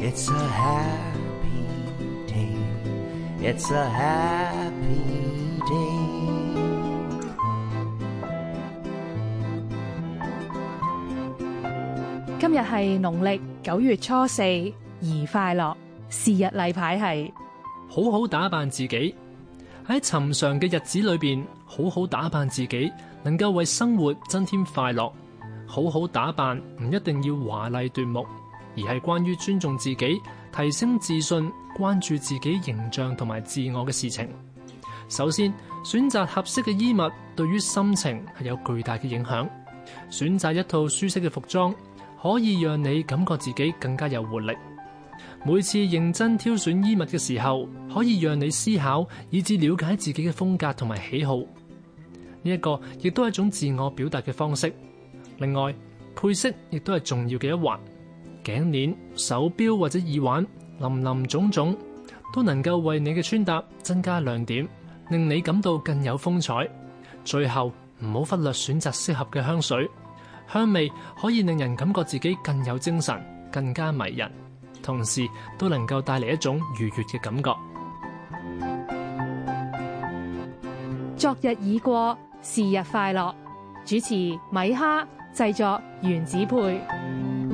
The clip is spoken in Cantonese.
It's a happy day It's a happy day 今日係農曆九月初四宜快樂事日禮是日例牌係好好打扮自己喺尋常嘅日子裏邊好好打扮自己能夠為生活增添快樂好好打扮唔一定要華麗奪目而係關於尊重自己、提升自信、關注自己形象同埋自我嘅事情。首先，選擇合適嘅衣物對於心情係有巨大嘅影響。選擇一套舒適嘅服裝可以讓你感覺自己更加有活力。每次認真挑選衣物嘅時候，可以讓你思考以至了解自己嘅風格同埋喜好。呢一個亦都係一種自我表達嘅方式。另外，配飾亦都係重要嘅一環。頸鏈、手錶或者耳環，林林種種都能夠為你嘅穿搭增加亮點，令你感到更有風采。最後唔好忽略選擇適合嘅香水，香味可以令人感覺自己更有精神、更加迷人，同時都能夠帶嚟一種愉悅嘅感覺。昨日已過，是日快樂。主持米哈，製作原子配。